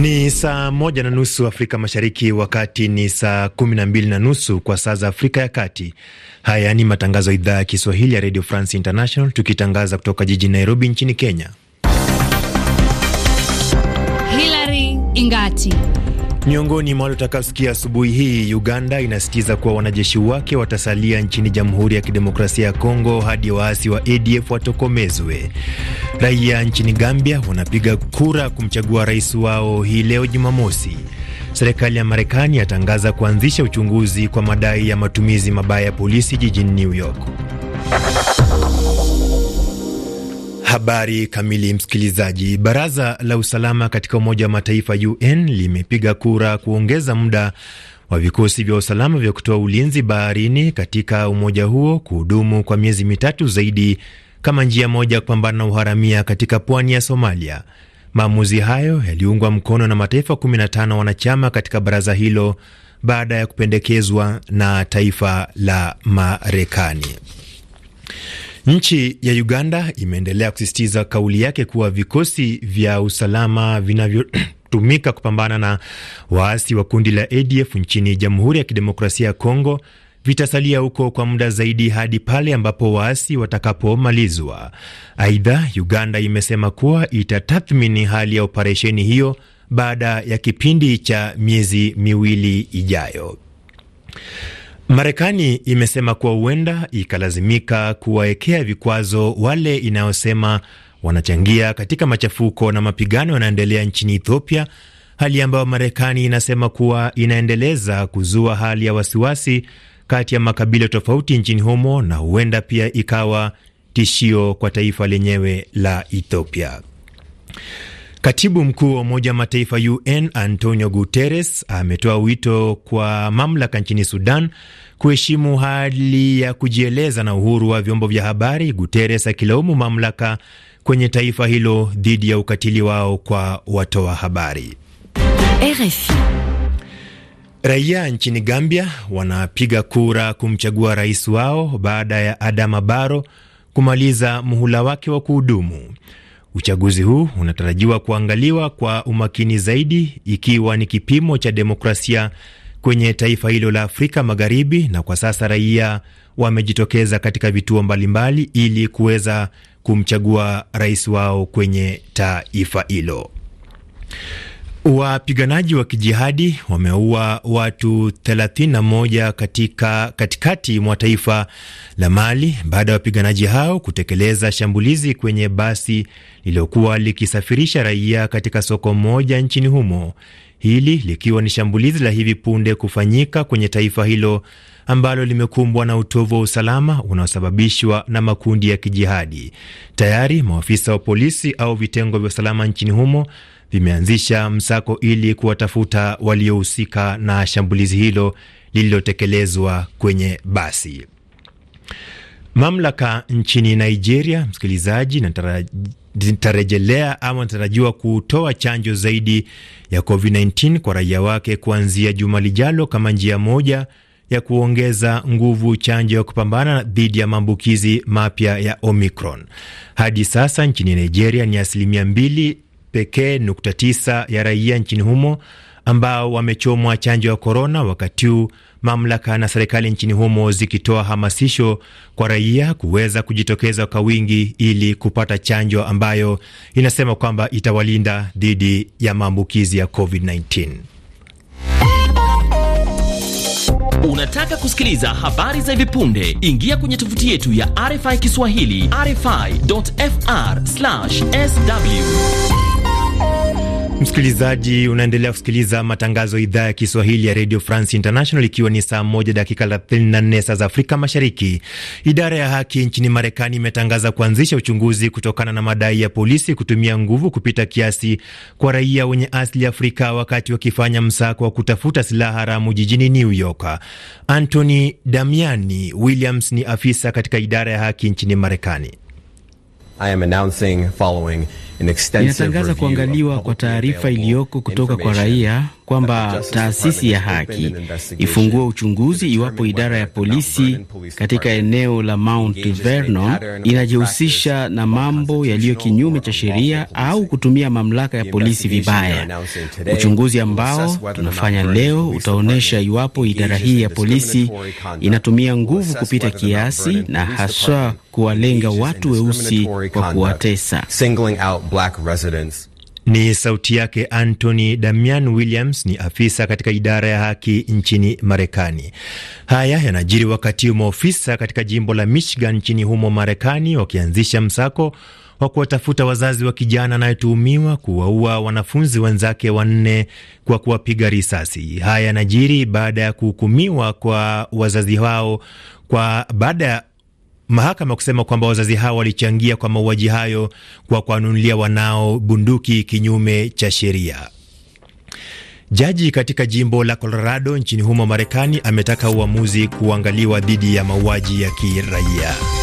Ni saa moja na nusu Afrika Mashariki, wakati ni saa kumi na mbili na nusu kwa saa za Afrika ya Kati. Haya ni matangazo ya idhaa ya Kiswahili ya Radio France International, tukitangaza kutoka jiji Nairobi nchini Kenya. Hilary Ingati Miongoni mwa utakaosikia asubuhi hii, Uganda inasitiza kuwa wanajeshi wake watasalia nchini Jamhuri ya Kidemokrasia ya Kongo hadi waasi wa ADF watokomezwe. Raia nchini Gambia wanapiga kura kumchagua rais wao hii leo Jumamosi. Serikali ya Marekani yatangaza kuanzisha uchunguzi kwa madai ya matumizi mabaya ya polisi jijini New York. Habari kamili, msikilizaji. Baraza la usalama katika Umoja wa Mataifa UN limepiga kura kuongeza muda wa vikosi vya usalama vya kutoa ulinzi baharini katika umoja huo kuhudumu kwa miezi mitatu zaidi kama njia moja ya kupambana na uharamia katika pwani ya Somalia. Maamuzi hayo yaliungwa mkono na mataifa 15 wanachama katika baraza hilo baada ya kupendekezwa na taifa la Marekani. Nchi ya Uganda imeendelea kusisitiza kauli yake kuwa vikosi vya usalama vinavyo tumika kupambana na waasi wa kundi la ADF nchini Jamhuri ya Kidemokrasia ya Kongo vitasalia huko kwa muda zaidi hadi pale ambapo waasi watakapomalizwa. Aidha, Uganda imesema kuwa itatathmini hali ya operesheni hiyo baada ya kipindi cha miezi miwili ijayo. Marekani imesema kuwa huenda ikalazimika kuwawekea vikwazo wale inayosema wanachangia katika machafuko na mapigano yanaendelea nchini Ethiopia, hali ambayo Marekani inasema kuwa inaendeleza kuzua hali ya wasiwasi kati ya makabila tofauti nchini humo na huenda pia ikawa tishio kwa taifa lenyewe la Ethiopia. Katibu mkuu wa Umoja wa Mataifa UN Antonio Guterres ametoa wito kwa mamlaka nchini Sudan kuheshimu hali ya kujieleza na uhuru wa vyombo vya habari, Guterres akilaumu mamlaka kwenye taifa hilo dhidi ya ukatili wao kwa watoa wa habari. RFI. Raia nchini Gambia wanapiga kura kumchagua rais wao baada ya Adama Barrow kumaliza muhula wake wa kuhudumu. Uchaguzi huu unatarajiwa kuangaliwa kwa umakini zaidi ikiwa ni kipimo cha demokrasia kwenye taifa hilo la Afrika Magharibi, na kwa sasa raia wamejitokeza katika vituo mbalimbali ili kuweza kumchagua rais wao kwenye taifa hilo. Wapiganaji wa kijihadi wameua watu 31 katika katikati mwa taifa la Mali baada ya wapiganaji hao kutekeleza shambulizi kwenye basi lililokuwa likisafirisha raia katika soko moja nchini humo, hili likiwa ni shambulizi la hivi punde kufanyika kwenye taifa hilo ambalo limekumbwa na utovu wa usalama unaosababishwa na makundi ya kijihadi. Tayari maafisa wa polisi au vitengo vya usalama nchini humo vimeanzisha msako ili kuwatafuta waliohusika na shambulizi hilo lililotekelezwa kwenye basi. Mamlaka nchini Nigeria, msikilizaji, nitarejelea ama natarajiwa kutoa chanjo zaidi ya COVID-19 kwa raia wake kuanzia juma lijalo kama njia moja ya kuongeza nguvu chanjo ya kupambana dhidi ya maambukizi mapya ya Omicron. Hadi sasa nchini Nigeria ni asilimia mbili pekee nukta tisa ya raia nchini humo ambao wamechomwa chanjo ya korona, wakati huu mamlaka na serikali nchini humo zikitoa hamasisho kwa raia kuweza kujitokeza kwa wingi ili kupata chanjo ambayo inasema kwamba itawalinda dhidi ya maambukizi ya COVID-19. Unataka kusikiliza habari za hivi punde? Ingia kwenye tovuti yetu ya RFI Kiswahili, rfi.fr/sw. Msikilizaji, unaendelea kusikiliza matangazo ya idhaa ya Kiswahili ya Radio France International, ikiwa ni saa moja dakika 34 saa za Afrika Mashariki. Idara ya haki nchini Marekani imetangaza kuanzisha uchunguzi kutokana na madai ya polisi kutumia nguvu kupita kiasi kwa raia wenye asili ya Afrika wakati wakifanya msako wa kutafuta silaha haramu jijini New York. Anthony Damiani Williams ni afisa katika idara ya haki nchini Marekani. I am announcing following inatangaza kuangaliwa kwa taarifa iliyoko kutoka kwa raia kwamba taasisi ya haki ifungue uchunguzi iwapo idara ya polisi katika eneo la Mount Vernon inajihusisha na mambo yaliyo kinyume cha sheria au kutumia mamlaka ya polisi vibaya. Uchunguzi ambao tunafanya leo utaonyesha iwapo idara hii ya polisi inatumia nguvu kupita kiasi na haswa kuwalenga watu weusi kwa kuwatesa black residents. Ni sauti yake Anthony Damian Williams, ni afisa katika idara ya haki nchini Marekani. Haya yanajiri wakati huu maofisa katika jimbo la Michigan nchini humo Marekani wakianzisha msako wa kuwatafuta wazazi wa kijana anayetuhumiwa kuwaua wanafunzi wenzake wanne kwa kuwapiga risasi. Haya yanajiri baada ya kuhukumiwa kwa wazazi hao kwa baada mahakama kusema kwamba wazazi hao walichangia kwa mauaji hayo kwa kuwanunulia wanao bunduki kinyume cha sheria. Jaji katika jimbo la Colorado nchini humo Marekani ametaka uamuzi kuangaliwa dhidi ya mauaji ya kiraia.